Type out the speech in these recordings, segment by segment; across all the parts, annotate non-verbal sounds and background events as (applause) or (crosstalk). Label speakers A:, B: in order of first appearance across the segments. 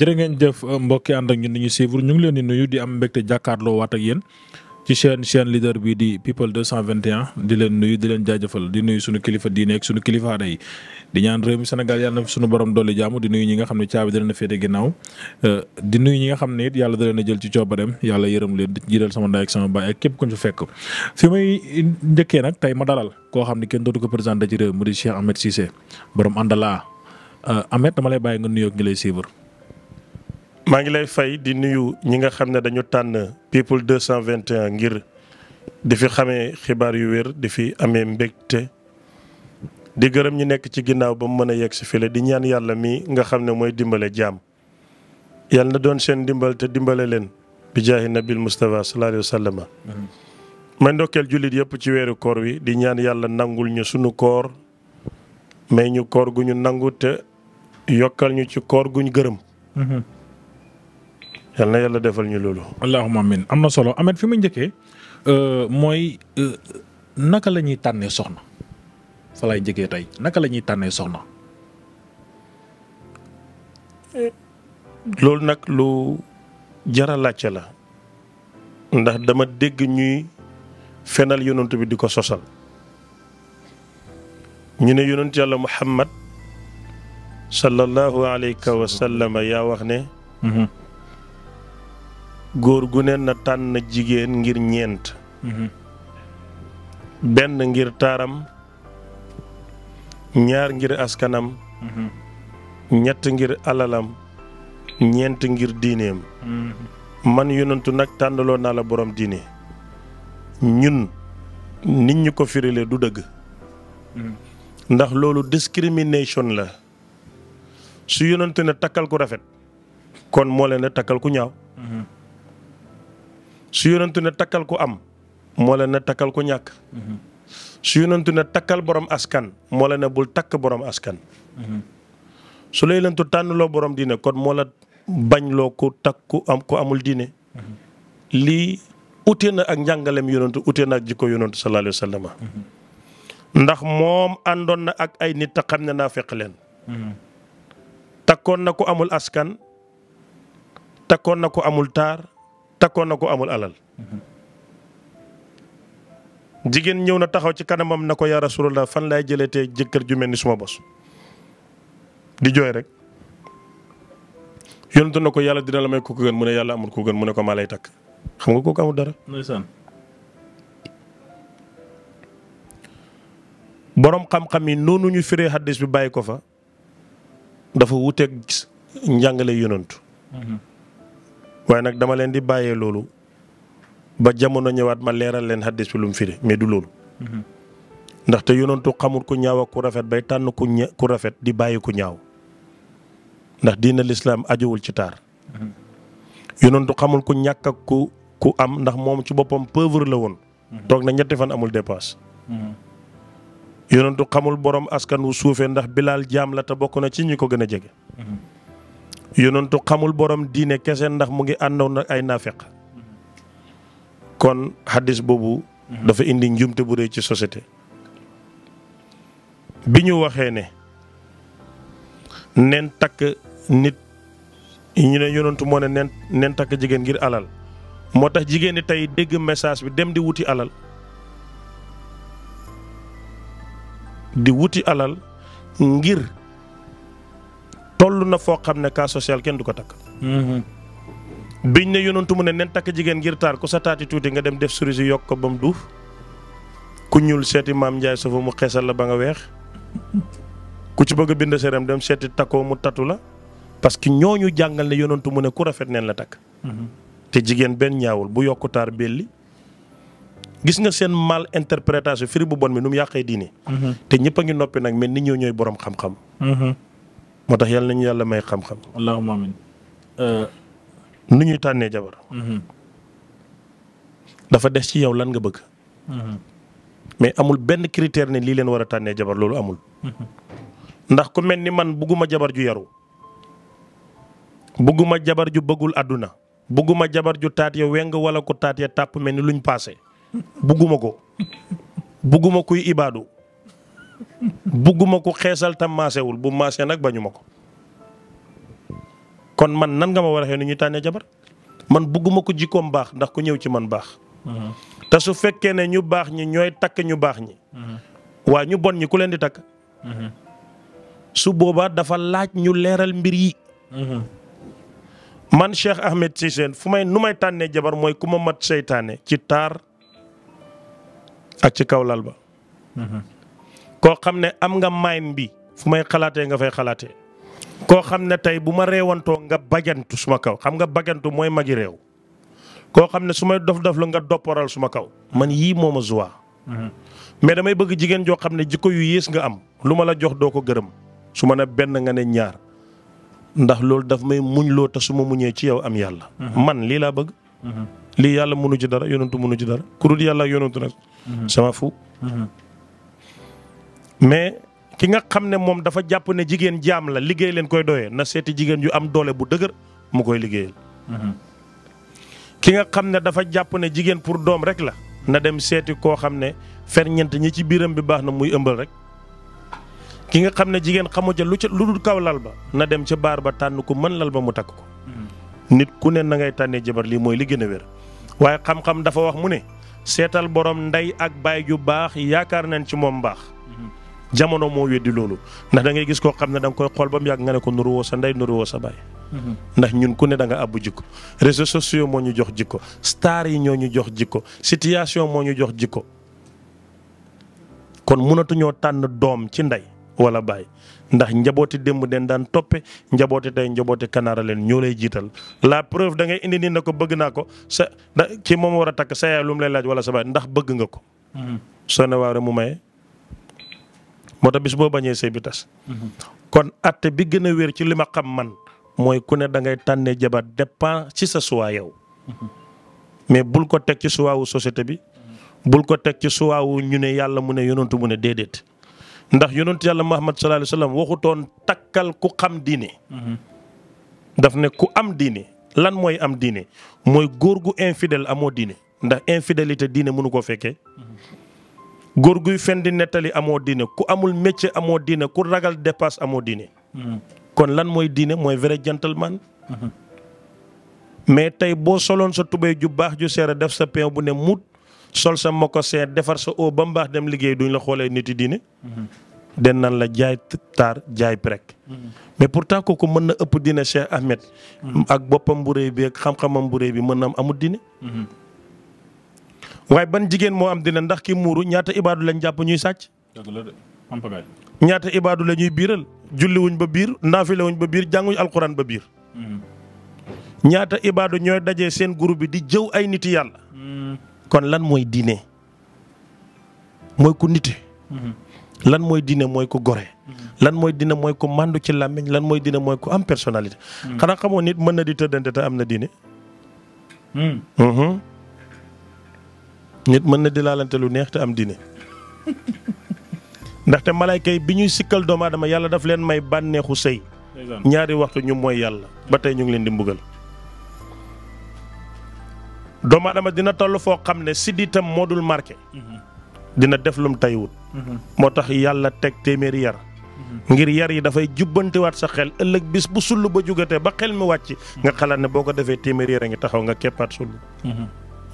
A: jërë ngeen jëf euh, mbokki ànd ak ñun ni ñu suivre ngi leen di nuyu di am mbégte jàkkaarloo waat ak yéen ci chaîne chaîne leader bi di people 221 di leen nuyu di leen jaajëfal di nuyu suñu kilifa diine ak suñu kilifa aada yi di ñaan réew mi Sénégal yàlla na sunu borom dolli jàmm di nuyu ñi nga xam ne caabi da leen a féete ginnaaw euh, di nuyu ñi nga xam ne it yàlla da leen a jël ci coobareem yàlla yërëm leen di jiital sama ndaay ak sama baay ak képp ku ñu fekk fi may njëkkee nag tey ma dalal koo xam ne kenn dootu ko présenté ci réew mu di Cheikh Ahmed Cissé borom àndalaa euh, Ahmed dama lay bàyyi nga nuyoog ñi lay suivre
B: maa ngi lay fay di nuyu ñi nga xam ne dañu tànn people 221 ngir di fi xamee xibaar yu wér di fi amee mbégte di gërëm ñi nekk ci ginnaaw ba mu mën a yegg si file di ñaan yàlla mi nga xam ne mooy dimbale jaam yàlla na doon seen dimbal te dimbale leen bi jaahi nabil Mustafa sallallahu alayhi wa sallam may ndokkeel jullit yëpp ci weeru koor wi di ñaan yàlla nangul ñu sunu koor may ñu koor gu ñu nangu te yokkal ñu ci koor gu ñu gërëm. Mm-hmm. yal yàlla defal ñu loolu.
A: allahumma amin am na solo Ameth fi mu njëkkee euh, mooy euh, naka la ñuy tànnee soxna fa lay njëkkee tey naka lañuy ñuy tànnee soxna.
B: loolu nag lu jara la ndax dama dégg ñuy fenal yonent bi di ko sosal ñu ne yonent yàlla Muhammad sallallahu alayhi wa sallam yaa wax ne. Mm-hmm. góor gu ne na tànn jigéen ngir ñeent mhm. benn ngir taaram ñaar ngir askanam mhm. ñett ngir alalam ñeent ngir diineem mhm. man yonantu nag tànnaloo naa la borom diine ñun nit ñu ko firile du dëgg ndax loolu discrimination la su yonantu ne takkal ku rafet kon moo leen takkal ku ñaaw su yonentu ne takkal ko am moo la ne takkal ko ñàkk su yonentu ne takkal borom askan moo la ne bul takk borom askan su la yonentu tànnloo borom diine kon moo la bañ loo ku takk ku amul diine lii ute na ak njàngalem yonentu ute na ak jikko yonentu sallallahu alayhi wa ndax moom àndoon na ak ay nit te xam ne naa feq leen takkoon na ko amul askan takkoon na ko amul taar takkoon na ko amul alal jigéen ñëw na taxaw ci kanamam na ko yaa rasulullah fan laay te jëkkër ju mel ni suma bos di jooy rek yonentu na ko yàlla dina la may ko gën mu ne yàlla amul ko gën mu ne ko maa lay takk xam nga kooku amul dara ndeysaan boroom xam-xam yi noonu ñu firee xaddis bi bàyyi ko fa dafa wuteeg njàngale yonentu mm-hmm. waaye nag dama leen di bàyyee loolu ba jamono ñëwaat ma leeral leen xaddis bi lu mu du loolu. Mhm. ndaxte yonantu xamul ku ñaaw ku rafet bay tànn ku ku rafet di bàyyi ku ñaaw ndax diina lislaam ajuwul ci taar. Mhm. yonantu xamul ku ñàkk ku ku am ndax moom ci boppam pauvre la woon. Mhm. toog na ñetti fan amul dépasse. yonantu xamul boroom askan wu suufee ndax bilaal jaam la te bokk na ci ñu ko gën a jege. yonentu xamul borom diine kese ndax mu ngi àndoon na ay naafeq kon xaddis boobu dafa indi njumte bu rëy ci société bi ñu waxee ne nen takk nit ñu ne yonentu moo ne nen takk jigéen ngir alal moo tax jigéen ñi tey dégg message bi dem di wuti alal di wuti alal ngir toll na foo xam ne cas social kenn du ko takk. Mhm. biñ ne yonantu mu ne nen takk jigéen ngir taar ku sa taati tuuti nga dem def cerise yokk ko ba mu duuf ku ñuul seeti maam Ndiaye Sofa mu xeesal la ba nga weex ku ci bëgg a bind seeram dem seeti takkoo mu tatu la parce que ñu jàngal ne yonantu mu ne ku rafet neen la takk. Mhm. te jigéen benn ñaawul bu yokk taar belli gis nga seen mal interprétation firi bu bon mi nu mu yàqee diine. Mhm. te ñëpp a ngi noppi nag mel ni borom xam moo tax yàlla nañu yàlla may xam-xam. allahumma amin. Euh, nu ñuy tànnee jabar. Mm-hmm. dafa des ci yow lan nga bëgg. Mm-hmm. mais amul benn critère ne lii leen war a tànnee jabar loolu amul. Mm-hmm. ndax ku mel ni man bugguma jabar ju yaru bugguma jabar ju bëggul àdduna bugguma jabar ju taat ya weng wala ko taat ya tàpp mel ni luñ paase bugguma ko (laughs) bugguma kuy ibaadu bugguma ko xeesal tam maasewul bu maasee nag bañu ma ko kon man nan nga ma war a xee ñuy tànnee jabar man bugguma ko jikkoom baax ndax ku ñëw ci man baax. Mhm. te su fekkee ne ñu baax ñi ñooy takk ñu baax ñi. Mhm. waa ñu bon ñi ku leen di takk. Mhm. su boobaa dafa laaj ñu leeral mbir yi. man Cheikh Ahmed Cissé fu may nu may tànnee jabar mooy ku ma mat seytaane ci taar ak ci kaw lal ba. koo xam ne am nga mayn bi fu may xalaatee nga fay xalaatee koo xam ne tey bu ma reewantoo nga bajantu suma kaw xam nga bajantu mooy magi réew koo xam ne su may dof dof la nga dopparal suma kaw man yii moo ma joie mhm. mais damay bëgg jigéen joo xam ne jikko yu yées nga am lu ma la jox doo ko gërëm su ma ne benn nga ne ñaar ndax loolu dafa may muñ loo te su ma muñee ci yow am yàlla mhm. man lii laa bëgg mhm. lii yàlla mënu ci dara yonentu mënu ci dara ku yàlla ak yonentu nag sama fu mais ki nga xam ne moom dafa jàpp ne jigéen jaam la liggéey leen koy doyee na seeti jigéen yu am doole bu dëgër mu koy liggéeyal. Mhm. ki nga xam ne dafa jàpp ne jigéen pour doom rek la na dem seeti koo xam ne ferñeent ñi ci biiram bi baax na muy ëmbal rek. ki nga xam ne jigéen xamu ca lu ca lu kaw lal ba na dem ca baar ba tànn ko mën lal ba mu takk ko. Mhm. nit ku ne na ngay tànnee jabar lii mooy li gën a wér. waaye xam-xam dafa wax mu ne seetal borom ndey ak baay ju baax yaakaar nañ ci moom baax. jamono moo weddi loolu ndax da ngay gis koo xam ne da nga koy xool ba mu yàgg nga ne ko nuruwoo sa ndey nuruwoo sa baay. Mhm. ndax ñun ku ne da nga àbbu jikko réseaux sociaux moo ñu jox jikko star yi ñoo ñu jox jikko situation moo ñu jox jikko kon mënatuñoo tànn doom ci ndey wala baay ndax njabooti démb den daan toppe njabooti tey njabooti kanaara leen ñoo lay jiital la preuve da ngay indi nit na ko bëgg naa ko sa da ci moom war a takk sa yaay lay laaj wala sa baay ndax bëgg nga ko. Mhm. mu maye. moo tax bis boo bañee sëy bi tas. kon atte bi gën a wér ci li ma xam man mooy ku ne da ngay tànnee jabar dépend ci sa suwaa yow. mais bul ko teg ci suwaawu société bi. bul ko teg ci suwaawu ñu ne yàlla mu ne yonantu mu ne déedéet. ndax yonantu yàlla Muhammad sa alayhi wa sallam waxutoon takkal ku xam diine. daf ne ku am diine lan mooy am diine mooy góor gu infidèle amoo diine ndax infidélité diine mënu koo fekkee. góor guy fen di nettali amoo diine ku amul métier amoo diine ku ragal dépasse amoo diine. Hmm. kon lan mooy diine mooy vrai gentleman. Hmm. mais tey boo soloon sa tubéy ju baax ju a def sa pain bu ne mut sol sa moko seer defar sa oo ba mu dem liggéey duñ la xoolee nit yi diine. Hmm. den nan la jaay taar jaay prek mais pourtant kooku mën na ëpp diine Cheikh Ahmed. ak boppam bu rëy bi ak xam-xamam bu rëy bi mën na amul diine. waaye ban jigéen moo am dina ndax ki muuru ñaata ibaadu lañ jàpp ñuy sàcc. ñaata ibaadu la ñuy biiral julliwuñ ba biir naafilewuñ ba biir jànguñ alquran ba biir. Hmm. ñaata ibaadu ñooy dajee seen groupe bi di jëw ay nit yàlla. Hmm. kon lan mooy diine mooy ku nite. Hmm. lan mooy diine mooy ku gore. lan mooy diine mooy ku màndu ci làmmiñ lan mooy diine mooy ku am personnalité. xanaa xamoo nit mën na di tëddante te am na diine. Mhm. nit mën na di laalante lu neex te am dine (laughs) ndaxte malayka yi bi ñuy sikkal doomaadama yàlla daf leen may bànneexu sëy ñaari waxtu ñu mooy yàlla ba tey ñu ngi leen di mbugal doomu aadama dina toll foo xam ne siddiitam moo dul marqué mhm. dina def lum taywut mhm. moo tax yàlla teg téeméeri yara mhm. ngir yar yi dafay jubbantiwaat sa xel ëllëg bis bu sull ba jugatee ba xel mi wàcc nga xalaat ne boo ko defee téeméeri yar a ngi taxaw nga keppaat sull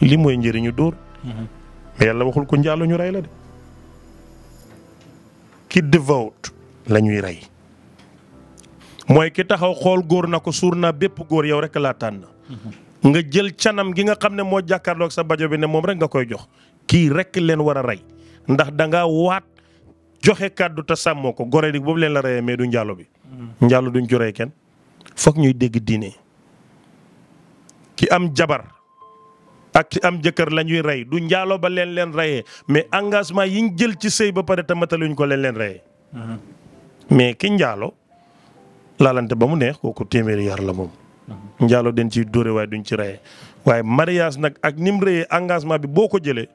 B: li mooy njëriñu dóor mais yàlla waxul ko njaaloo ñu rey la de ki dévote la rey mooy ki taxaw xool góor na ko suur naa bépp góor yow rek laa tànn. nga jël canam gi nga xam ne moo jàkkaarloog sa bajo bi ne moom rek nga koy jox kii rek leen war a rey ndax danga waat joxe kàddu ta sàmmoo ko gore di boobu leen la reyee mais du njaalo bi. njaalo duñ ci kenn foog ñuy dégg diine ki am jabar. ak ci am jëkkër la ñuy rey du njaaloo ba leen leen reyee mais engagement yiñ jël ci sëy ba pare tamataluñ ko leen leen reyee. mais ki njaalo laalante ba mu neex kooku téeméeri yar la moom. njaalo den ciy dóore waaye duñ ci reyee waaye mariage nag ak ni mu reyee engagement bi boo ko jëlee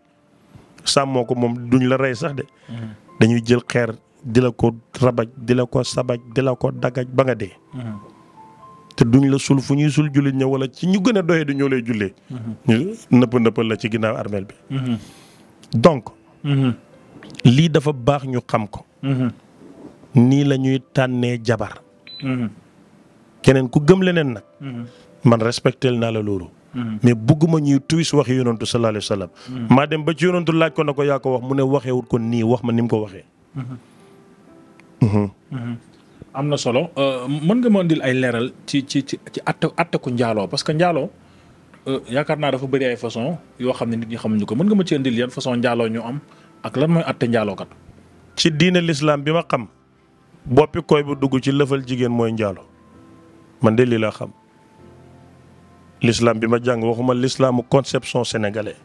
B: sàmmoo ko moom duñ la rey sax de. dañuy jël xeer di la ko rabaj di la ko sabaj di la ko dagaj ba nga dee. te duñ la suul fu ñuy sul jullit ña wala ci ñu gën a doyee du ñoo lay jullee. Mm-hmm. ñu nëpp nëppal la ci ginnaaw armeel bi. Mm-hmm. donc. Mm-hmm. lii dafa baax ñu xam ko. nii la ñuy tànnee jabar. keneen ku gëm leneen nag. man respectel naa la loolu. mais bugguma ñuy tuwis waxi yonantu sallallahu alayhi wa sallam. maa dem ba ci yonantu laaj ko na ko yaa ko wax mu ne waxeewut ko nii wax ma ni mu ko waxee.
A: am na solo euh, mën nga ma ndil ay leeral ci ci ci ci atta attaku njaaloo parce que njaaloo euh, yaakaar naa dafa bëri ay façon yoo xam ne nit ñi xamuñu ko mën nga ma ci ndil yan façon njaaloo ñu am ak lan mooy atte njaalookat. ci diine lislaam bi ma xam.
B: boppi koy bu dugg ci lëfal jigéen mooy njaalo man de lii laa xam lislaam bi ma jàng waxuma lislaamu conception sénégalais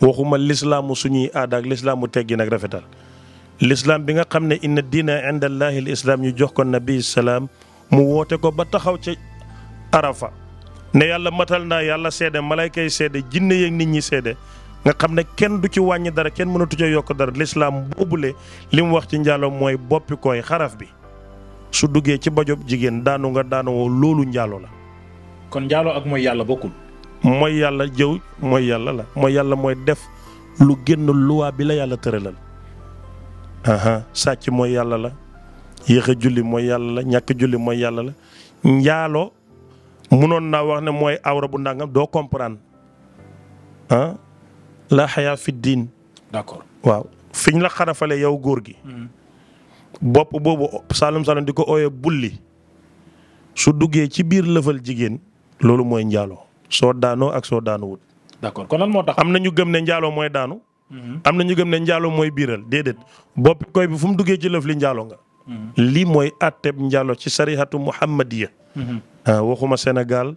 B: waxuma lislaamu suñuy aada ak lislaamu teggi nag rafetal lislaam bi nga xam ne inna diina inda allahi l islaam ñu jox ko nabi salaam mu woote ko ba taxaw ca arafa ne yàlla matal naa yàlla seede malayka yi seede jinne yeeg nit ñi seede nga xam ne kenn du ci wàññi dara kenn mënatu ca yokk dara lislaam boobule li mu wax ci njaaloo mooy boppi koy xaraf bi su duggee ci bajob jigéen daanu nga daanu loolu njaaloo la kon njaaloo ak mooy yàlla bokkul mooy yàlla jëw mooy yàlla la mooy yàlla mooy def lu génn luwaa bi la yàlla tëralal sàcc mooy yàlla la yéex a julli mooy yàlla la ñàkk julli mooy yàlla la njaaloo munoon naa wax ne mooy awra bu ndàngam doo comprendre ah la xayaa fi diin waaw fi la xarafale yow góor gi mm-hmm. bopp boobu salum salum di ko ooyee bulli su duggee ci biir lëfal jigéen loolu mooy njaaloo soo daanoo ak soo daanuwut d'accord am na ñu gëm ne njaaloo mooy daanu Mm-hmm. am na ñu gëm ne njaalo mooy biiral déedéet boppi koy bi fu mu duggee ci lëf li njaalo nga. Mm-hmm. lii mooy àtteeb njaalo ci sarihatu muhammadiya mm-hmm. ah, waxuma senegal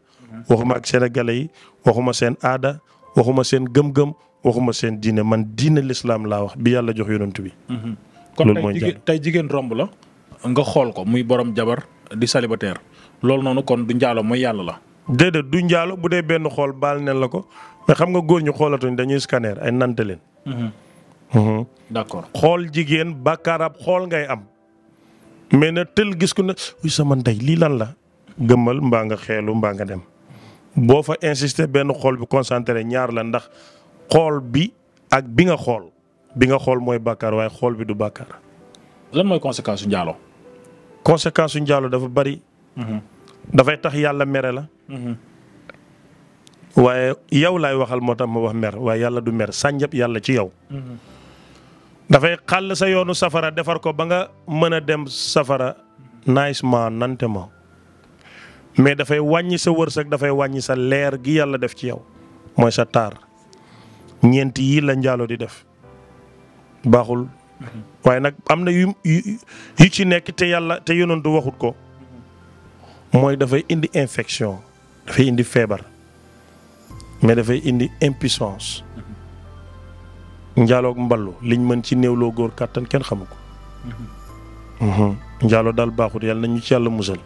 B: waxuma ak sénégalais yi waxuma seen aada waxuma seen gëm-gëm waxuma seen
A: diine man diine lislaam laa wax bi yàlla jox yonent bi. loolu mooy kon tey jigéen romb la. nga xool ko muy borom jabar di célibataire loolu noonu kon du njaalo mooy yàlla la.
B: déedéet du njaalo bu dee benn xool baal neen la ko mais xam nga góor ñ xoolatuñ dañuy scanner ay nante leen. Mm-hmm. Mm-hmm. d'accord xool jigéen bàkkaarab xool ngay am. mais na tël gis ko ne uy sama ndey lii lan la. gëmmal mbaa nga xeelu mbaa nga dem. boo fa insister benn xool bi concentré ñaar la ndax xool bi ak bi nga xool bi nga xool mooy bàkkaar waaye xool bi du bàkkaar. lan mooy conséquence su njaalo. conséquence njaalo dafa bari. Mm-hmm. dafay tax yàlla mere la. waaye yow laay waxal moo tax ma wax mer waaye yàlla du mer sànjab yàlla ci yow. Mhm. dafay xàll sa yoonu safara defar ko ba nga mën a dem safara nice ma nante ma mais dafay wàññi sa wërsëg dafay wàññi sa leer gi yàlla def ci yow mooy sa taar ñeent yii la njaaloo di def baaxul. Mhm. waaye nag am na yu yu ci nekk te yàlla te du waxut ko mhm. mooy dafay indi infection dafay indi feebar. mais dafay indi impuissance njaaloog mballu liñ mën ci néewloo góor kàttan kenn xamu ko mhm. njaaloo daal baaxut yàlla nañu ci yàlla musal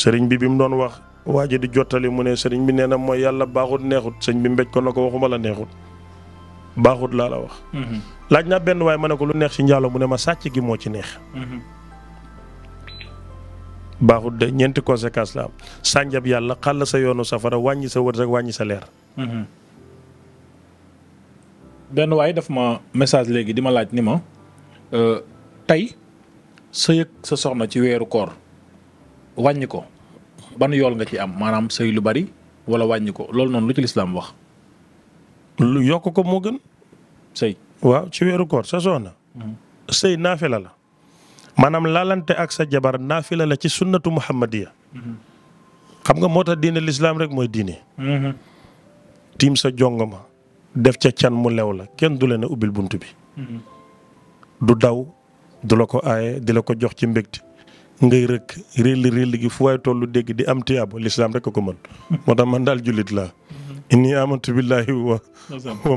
B: sëriñ bi bi mu doon wax waa ji di jottali mu ne sëriñ bi nee na mooy yàlla baaxut neexut sëñ bi mbéj ko na ko waxuma la neexut baaxut laa la wax mhm. laaj naa benn waaye ma ne ko lu neex ci njaaloo mu ne ma sàcc gi moo ci neex mhm. baaxut de ñeenti conséquence la am sànjab yàlla xàll sa yoonu safara wàññi sa wërsëg wàññi sa leer.
A: Mhm. benn waaye daf ma message léegi di ma laaj ni ma euh, tey sëy ak sa soxna ci weeru koor wàññi ko ban yool nga ci am maanaam sëy lu bari wala wàññi ko loolu noonu lu ci lislaam wax. lu yokk ko moo gën. sëy waaw ci weeru koor sa soxna. Mhm. sëy naafila la.
B: maanaam laalante ak sa jabar naafila la ci sunnatu muhammadiya xam nga moo tax diine lislaam rek mooy diine. Mhm. tiim sa jongoma def ca can mu lew la kenn du la ubbil bunt bi. Mhm. daw du la ko aaye di la ko jox ci mbégte ngay rëkk réelli réelli gi fu waay tollu dégg di am tiyaabo lislaam rek a ko moo tax man daal jullit laa. Mhm. inni amantu billahi wa. wa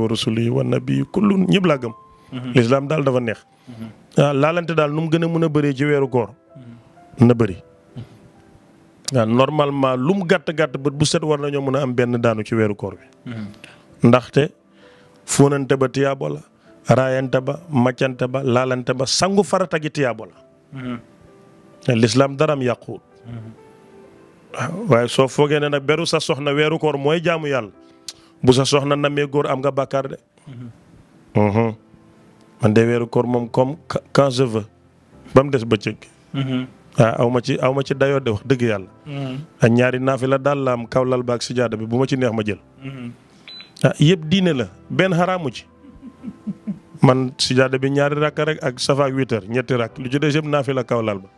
B: wa rusuli wa nabii kullun ñëpp laa gëm. Mhm. lislaam daal dafa neex. waaw mhm. ah, laalante daal nu mu gën a mën a bëree ci weeru koor mhm. na bëri. waaw ah, normalement lu mu gàtt gàtt bët bu set war nañoo mën a am benn daanu ci weeru koor bi. ndaxte fóonante ba tiyaabo la raayante ba maccante ba laalante ba sangu farata gi tiyaabo la. Ah, lislaam daram waaye soo foogee ne nag beru sa soxna weeru koor mooy jaamu yàlla bu sa soxna namee góor am nga bàkkaar de. man de weeru koor moom comme quand je ba mu des ba
C: mm-hmm.
B: ah, waaw aw ma ci aw ma ci dayoo de wax dëgg yàlla. Mm-hmm. ak ah, ñaari naafila daal la am kaw lal baak sijaada bi bu ma ci neex ma jël. Mm-hmm. ah yëpp diine la benn xaraamu ci. man sijaada bi ñaari rakk rek ak safa ak ñetti rakk lu ci des yëpp naafila kaw lal ba.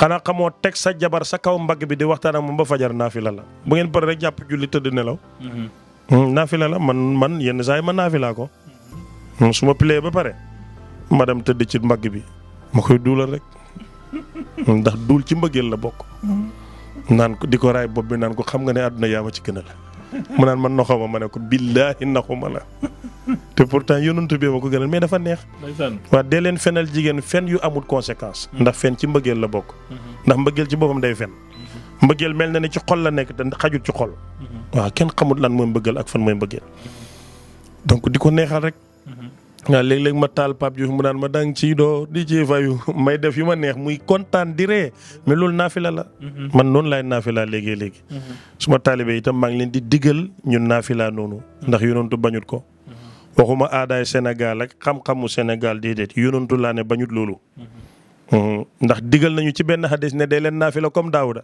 B: xanaa xamoo teg sa jabar sa kaw mbag bi di waxtaan moom ba fajar naafila la bu ngeen pare rek jàpp julli tëdd nelaw. Hmm, naafila la man man yenn saa yi ma naafilaa ko. su ma pilee ba pare ma dem tëdd ci mbagg bi ma koy duulal rek (laughs) ndax duul ci mbëggeel la bokk. naan ko di ko raay bopp bi naan ko xam nga ne àdduna yaa ma ci gën a la mu naan man naxu ma ma ne ko billaahi naxu ma la te pourtant yonantu bi ma ko gënal mais dafa neex. waa dee leen fenal jigéen fen yu amul conséquence. ndax fen ci mbëggeel la bokk. ndax mbëggeel ci boppam day fen. mbëggeel mel na ne ci xol la nekk te xajut ci xol. Mhm. waaw kenn xamut lan mooy mbëggeel ak fan mooy mbëggeel donc di ko neexal rek. Mm-hmm. waaw léeg-léeg ma taal Pape Diouf mu naan ma dang ciy doo di ci fayu (laughs) may def yu ma neex muy kontaan di ree mais loolu naafila la. Mm-hmm. man noonu laay naafilaa léegi léegi. Mm-hmm. suma ma taalibee itam maa ngi leen di diggal ñun naafilaa noonu. ndax yonantu bañut ko. waxuma aadaay ak xam-xamu Sénégal déedéet yonantu laa ne bañut loolu. diggal nañu ci benn xadis ne dee leen naafila comme Daawuda.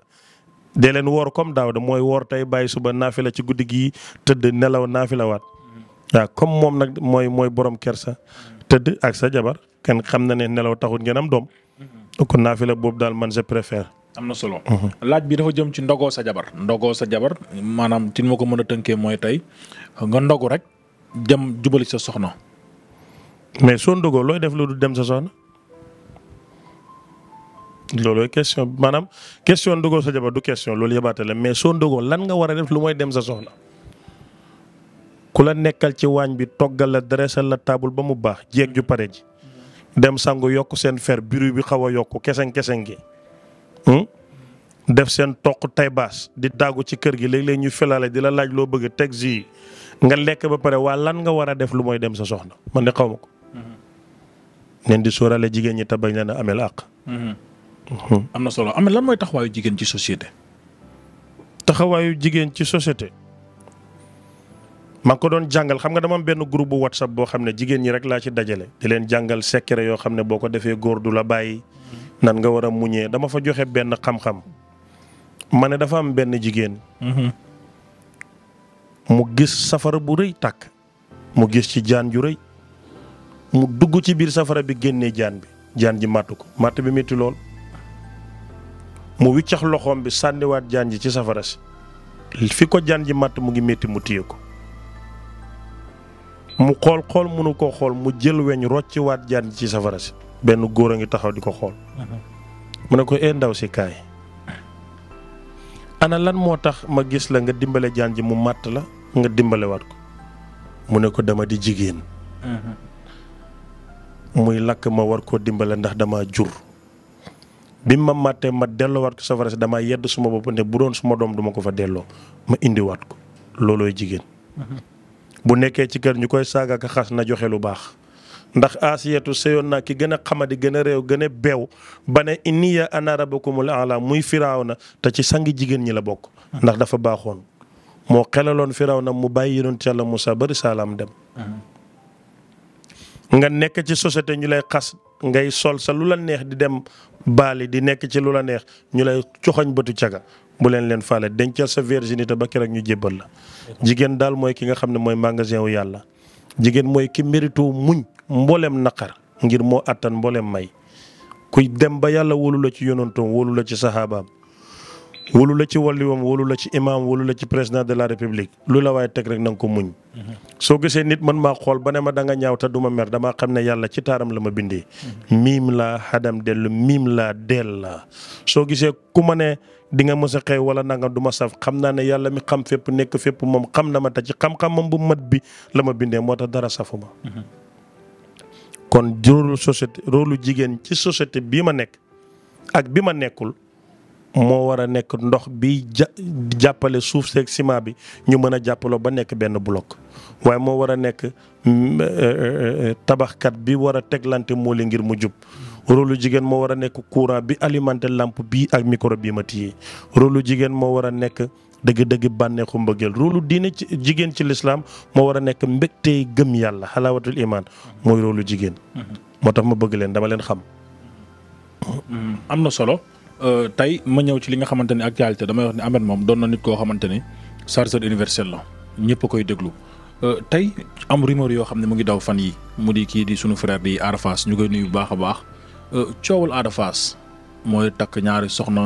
B: dee leen woor comme Daawuda mooy woor tey bàyyi suba naafila ci guddi gi tëdd nelaw naafilawaat. waa comme moom nag mooy mooy ker kersa tëdd ak sa jabar kenn xam na ne nelaw taxut ngeen doom doom mm-hmm. kon naafila boobu daal man je préfère.
A: am na solo. Mm-hmm. laaj bi dafa jëm ci ndogoo sa jabar. ndogoo sa jabar maanaam tin ma ko mën a tënkee mooy tey nga ndogu rek dem jubali sa soxna.
B: mais soo ndogoo looy def lu du dem sa soxna. loolooy question maanaam question ndogoo sa jabar du question loolu yëbaate la mais soo ndogoo lan nga war a def lu mooy dem sa soxna. ku la nekkal ci waañ bi toggal la dressal la table ba mu baax jéeg ju pare ji dem sangu yokk seen fer biru bi xaw a yokk keseng keseng gi hmm? def seen toq tay baas di tàggu ci kër gi léeg-léeg ñu felale di la laaj loo bëgg teg yi nga lekk ba pare waa lan nga
A: war a def lu mooy dem sa soxna
B: man de xaw ma ko. Mm-hmm. neen di sóoraale jigéen ñi te bañ leen a ameel àq. Mm-hmm. Hmm.
A: am na solo am lan mooy taxawaayu jigéen ci société.
B: taxawaayu jigéen ci société. maa ngi ko doon jàngal xam nga dama am benn groupe bu whatsapp boo xam ne jigéen ñi rek laa ci dajale. di leen jàngal secret yoo xam ne boo ko defee góor du la bàyyi. nan nga war a muñee dama fa joxe benn xam-xam. ma ne dafa am benn jigéen. Mhm. mu gis safara bu rëy tàkk. mu gis ci jaan ju rëy. mu dugg ci biir safara bi génnee jaan bi jaan ji màtt ko màtt bi métti lool. mu wiccax loxoom bi sànniwaat jaan ji ci safara si. fi ko jaan ji màtt mu ngi métti mu téye ko. mu xool xool mënu koo xool mu jël weñ rocci waat jaan ci safara si benn góor a ngi taxaw di ko xool. mu ne ko ee eh, ndaw si kaay. ana lan moo tax ma gis la nga dimbale jaan ji mu màtt la nga dimbale waat ko mu ne ko dama di jigéen. muy lakk ma war koo dimbale ndax dama jur. bi ma màttee ma delloowaat ko safara si damaa yedd suma bopp bu doon suma doom duma ko fa delloo ma indiwaat ko loolooy jigéen. bu nekkee ci kër ñu koy saaga ak xas na joxe lu baax ndax asiyatu seyoon naa ki gën a xamadi gën a réew gën a beew ba ne iniya ana rabbukumul ala muy firaaw na te ci sangi jigéen ñi la bokk ndax dafa baaxoon moo xelaloon firaaw na mu bàyyi yonent yàlla Musaa bari salaam dem nga nekk ci société ñu lay xas ngay sol sa lu la neex di dem baali di nekk ci lu la neex ñu lay joxoñ bëtu caga bu leen leen faale dencal sa virginité ba keroog ñu jébbal la jigéen daal mooy ki nga xam ne mooy magasin wu yàlla jigéen mooy ki mérito muñ mbooleem naqar ngir moo attan mboolem may kuy dem ba yàlla wóolu la ci yonantoom wóolu la ci saxaabaam wóolu la ci walliwam wóolu la ci imaam wóolu la ci président de la république lu la waaye teg rek na nga ko muñ. soo gisee nit man maa xool ba ne ma da ñaaw te du ma mer damaa xam ne yàlla ci taaram la ma bindee. miim laa xadam dellu miim laa di nga mës a xew wala nanga duma ma saf xam naa ne yàlla mi xam fépp nekk fépp moom xam na ma tax ci xam-xamam bu mat bi la ma bindee moo tax dara safu ma. Mhm. kon rôle société rôle jigéen ci société bii ma nekk ak bi ma nekkul moo war a nekk ndox bi ja jàppale suuf seeg ciment bi ñu mën a jàppaloo ba nekk benn bloc waaye moo war a nekk mm, euh, euh, euh, tabaxkat bi war a teglante moo li ngir mu jub. rôle jigéen moo war a nekk courant bi alimenté lampe bii ak micro bii ma téye rôle jigéen moo war a nekk dëgg-dëgg bànneexu mbëggeel rôle diine ci jigéen ci lislaam moo war a nekk mbégtey gëm yàlla xalaawatul imaan mooy rôle jigéen. moo tax ma bëgg leen dama leen xam.
A: am na solo euh, tey ma ñëw ci li nga xamante ne actualité damay wax ne Ameth moom doon na nit koo xamante ni chargeur universel la ñëpp koy déglu. Euh, tey am rumeur yoo xam ne mu ngi daw fan yi mu di kii di sunu frère di Arafaas ñu koy nuyu baax a baax Euh, coowal Ada Fass mooy takk ñaari soxna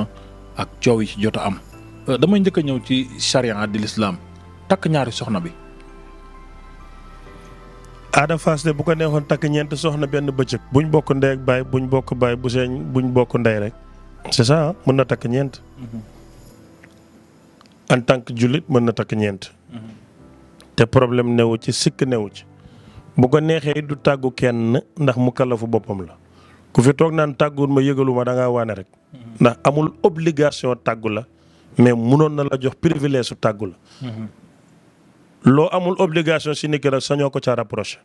A: ak coow yi ci jot a am euh, damay njëkk ñëw ci charia di lislaam takk ñaari soxna bi.
B: Ada Fass de bu ko neexoon takk ñeent soxna benn bëccëg buñ bokk ndey ak baay buñ bokk baay bu seeñ buñ bokk ndey rek c'est mën na takk ñeent. Mm-hmm. en tant que jullit mën na takk ñeent.
C: Mm-hmm.
B: te problème newu ci sikk newu ci. bu ko neexee du tàggu kenn ndax mu kalafu boppam la. ku fi toog naan tàgguwul ma yëgaluma da ngaa waane rek ndax amul obligation tàggu la mais munoon na la jox privilège su tàggu la loo amul obligation si nit rek sañoo ko ca rapproché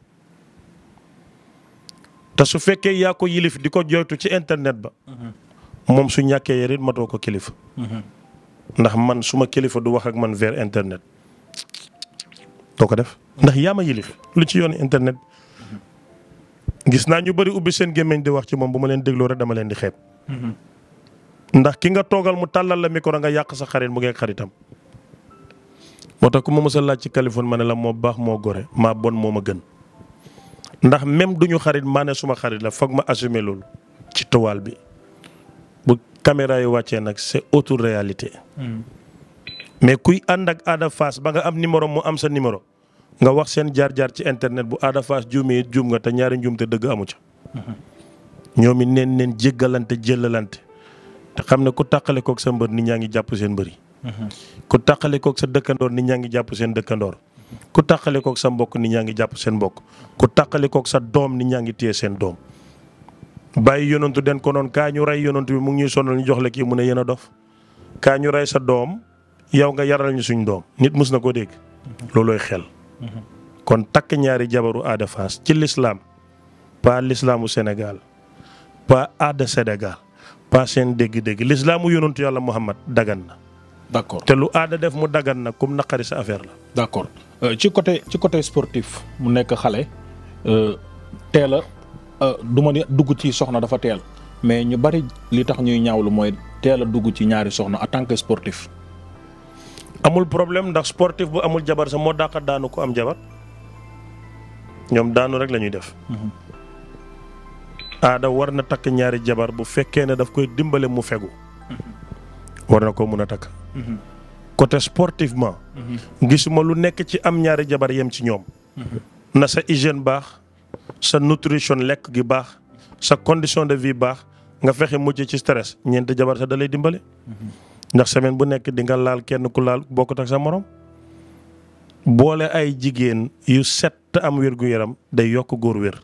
B: te su fekkee yaa ko yilif di ko joytu ci internet ba moom su ñàkkee yarit matoo ko kilifa ndax man suma kilifa du wax ak man vers internet doo ko def ndax yaa ma yilif lu ci yoon internet gis naa ñu bari ubbi seen gémmiñ di wax ci moom bu ma leen dégloo rek dama leen di
C: mhm.
B: ndax ki nga toogal mu tàllal la micro nga yàq sa xarit mu ngi xaritam. moo tax ku ma laaj ci Kaliphone ma ne la moo baax moo gore maa bon moo ma gën même duñu xarit maa suma xarit la foog ma assumer loolu ci toile bi bu caméra yi wàccee nag c'est autre réalité. Mhm. mais kuy ànd ak Ada fas ba nga am numéro mu am sa numéro. nga wax seen jaar-jaar ci internet bu Ada Fass juumee juum nga te ñaari njuum te dëgg amu ca. ñoom it neen neen jéggalante jëllalante te xam ne ku tàqale kook sa mbër ni ñaa ngi jàpp seen mbër ku tàqale kook sa dëkkandoor nit ñaa ngi jàpp seen dëkkandoor. ku tàqale kook sa mbokk nit ñaa ngi jàpp seen mbokk. ku tàqale kook sa doom nit ñaa ngi téye seen doom. bàyyi yonantu den ko noon kaa ñu rey yonantu bi mu ngi ñuy ñu jox la kii mu ne yéen a dof kaa ñu rey sa doom yow nga yaral ñu suñ doom nit mus na koo dégg. loolooy xel. kon takk ñaari jabaru aada Fass ci lislaam pas lislaamu Sénégal pas ada Sénégal pas seen dégg-dégg lislaamu yonantu yàlla Muhammad dagan na. d'accord te lu
A: aada def mu dagan na comme naqari sa affaire la. d'accord euh, ci côté ci côté sportif mu nekk xale euh, teel a euh, du ma dugg ci soxna dafa teel mais ñu bari li tax ñuy lu mooy teel a dugg ci ñaari soxna en tant que sportif.
B: amul problème ndax sportif bu amul jabar sa moo dàqa daanu ko am jabar ñoom daanu rek lañuy ñuy def. Mm-hmm. aada war na takk ñaari jabar bu fekkee ne daf koy dimbale mu fegu. Mm-hmm. war na ko mën a takk. Mm-hmm. côté sportivement. gisuma lu nekk ci am ñaari jabar yem ci ñoom. na sa hygiène baax sa nutrition lekk gi baax sa condition de vie baax nga fexe mucc ci stress ñeenti jabar sax da dimbale. ndax semaine bu nekk di nga laal kenn ku laal bokkut ak sa morom boole ay jigéen yu set am wér yaram day yokk góor wér.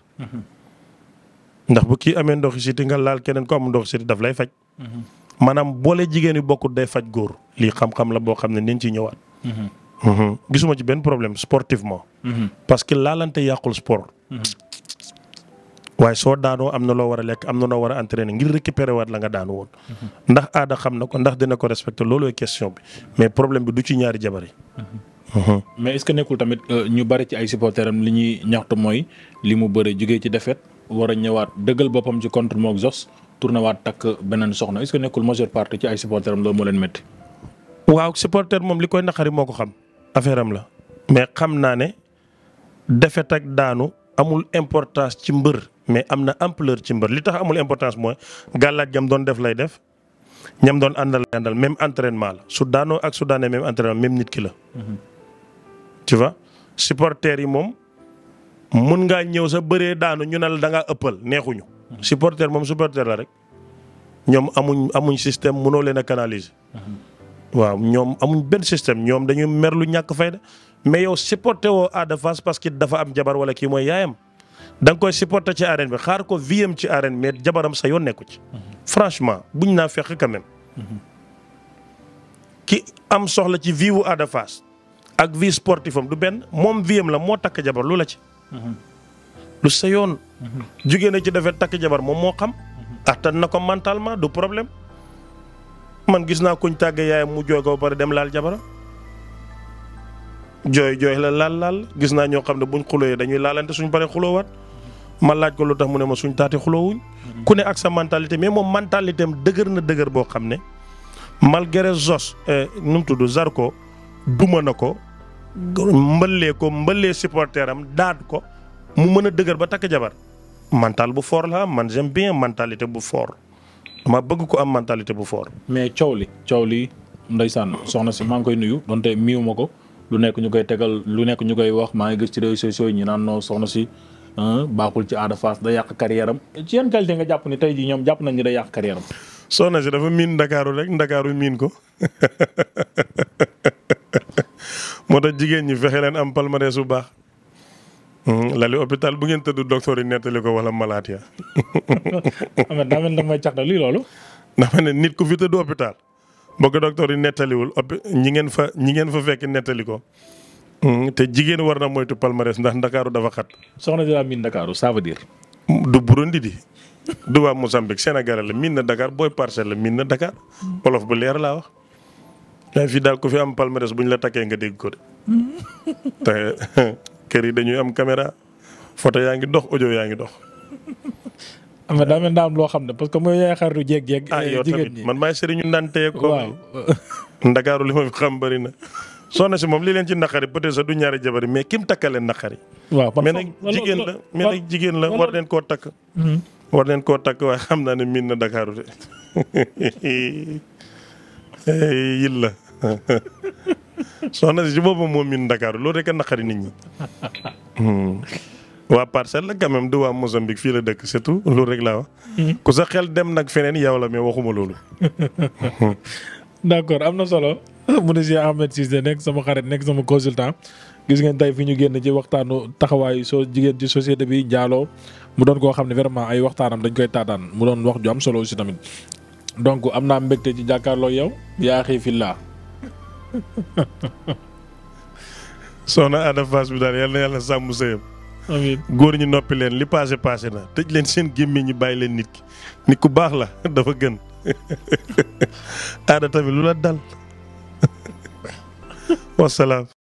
B: ndax bu kii amee ndox nga laal keneen ko am ndox siti daf lay faj. maanaam boole jigéen yu bokkut day faj góor li xam-xam la boo xam ne nañ ci ñëwaat. Mhm. Mhm. gisuma ci benn problème sportivement. Mhm. parce que laalante yàqul sport. waaye soo daanoo am na loo war a lekk am na loo war a entraîner ngir récupérer waat la nga daanu woon. ndax aada xam na ko ndax dina ko respecter loolooy question bi mais
A: problème bi du ci ñaari jabar yi. Mhm. mais est que nekkul tamit euh, ñu bari ci ay supporteurs am li ñuy ñaxtu mooy li mu bëre jógee ci défaite war a ñëwaat dëggal boppam ci contre moog Zos tourné waat takk beneen soxna est-ce que nekkul ci ay supporteurs am loolu moo leen métti. waaw supporter moom li koy naqari moo ko xam affaire am la mais xam naa ne défaite
B: ak daanu amul importance ci mbër. mais am na ampleur ci mbër li tax amul importance mooy gàllaaj gam doon def lay def ñam doon àndal lay àndal même la su daanoo ak su daanee même entraînement même nit ki la. Mm-hmm. tu vois yi moom mun ngaa ñëw sa bëree daanu ñu ne la da ngaa ëppal neexuñu. Mm-hmm. supporter moom supporter la rek ñoom amuñ amuñ système mënoo leen a canaliser. Mm-hmm. waaw ñoom amuñ benn système ñoom dañuy merlu ñàkk fay fayda mais yow supporter woo parce que dafa am jabar wala kii mooy yaayam. da nga koy supporter ci arène bi xaar ko viem ci arène mais jabaram sa yoon nekku ci. franchement buñ naa fekk quand même. ki am soxla ci vie wu Ada ak vie sportive du benn moom viem la moo takk jabar lu la ci. lu sa yoon. jugee na ci defee takk jabar moom moo xam. attan na ko mentalement du problème man gis naa kuñ tàgg yaayam mu jooy ko ba pare dem laal jabaram jooy jooy la laal laal gis naa ñoo xam ne buñ xuloo dañuy laalante suñ paree xuloowaat. man laaj ko lu tax mu ne ma suñ taati xuloowuñ ku ne ak sa mentalité mais moom mentalité am dëgër na dëgër boo xam ne malgré Zos eh, nu mu tudd Zarko duma na ko mbëllee ko mbëllee supporter am daat ko mu mën a dëgër ba takk jabar mental bu foor la man j'aime bien mentalité bu fort
A: dama bëgg ko am mentalité bu foor mais coow li coow li ndeysaan soxna si maa ngi koy nuyu donte miiw ma ko lu nekk ñu koy tegal lu nekk ñu koy wax maa ngi gis ci réseaux sociaux yi ñu naan noo soxna si. baaxul ci Ada Fass da yàq carrière am ci yan qualité nga jàpp ni tey jii ñoom jàpp nañ ni da yàq carrière am.
B: soxna si dafa miin ndakaaru rek ndakaaru miin ko (laughs) moo tax jigéen ñi fexe leen am palmarès bu baax. Hmm, lali hôpital bu ngeen tëdd docteur yi nettali ko wala malaat ya.
A: ne damay cax na lii loolu.
B: dama ne nit ku fi tëdd hôpital boo ko docteur yi nettaliwul ñi ngeen fa ñi ngeen fa fekk nettali ko. Mm, te jigéen war na moytu palmarès ndax ndakaaru dafa xat. soxna si waa miin ndakaaru ça veut dire. du Burundi di du waa Mozambique Sénégal la miin na Dakar booy parcelle la miin na Dakar. wolof bu leer wax. waaye fii daal ku fi am palmarès bu la takkee nga dégg ko de.
A: (laughs)
B: te (laughs) kër yi dañuy am caméra photo yaa ngi dox audio yaa ngi dox.
A: am daa mel am loo xam ne parce que mooy yaay xaritu jéeg-jéeg.
B: man maay sëriñu ndante ko. (laughs) Ndakaaru li fi xam bari soxna si moom li leen ci naqari peut-être sax du ñaari jabar mais kim takka leen naqari.
A: waaw mais nag jigéen la mais nag jigéen la war
B: leen koo takk. Hmm. war leen koo takk waaye xam naa ne miin na Dakar de (laughs) yil la (laughs) soxna si si boppam moo miin Dakar loolu rek a naqari nit ñi. (laughs) Hmm. waa parcelle la quand même du waa Mozambique fii la dëkk surtout loolu rek laa wax. Hmm. ku sa xel dem nag feneen yow la mais waxuma loolu.
A: d'accord am na solo. (laughs) mu ne Cheikh Ahmed Cissé nekk sama xarit nekk sama consultant gis ngeen tey fi ñu génn ci waxtaanu taxawaayu soo jigéen ci société bi njaaloo mu doon koo xam ne vraiment ay waxtaanam dañ koy taataan mu doon wax ju am solo aussi tamit donc am na mbégte ci jàkkaarloo yow yaa xii fillaa (laughs) na Ada Fass bi daal yal na yàlla sàmm sëyam
B: amiin góor ñi noppi leen li passé passé na tëj leen seen gémmiñ ñi bàyyi leen nit ki nit ku baax la (laughs) dafa gën Ada tamit lu la dal (laughs) wasalaam.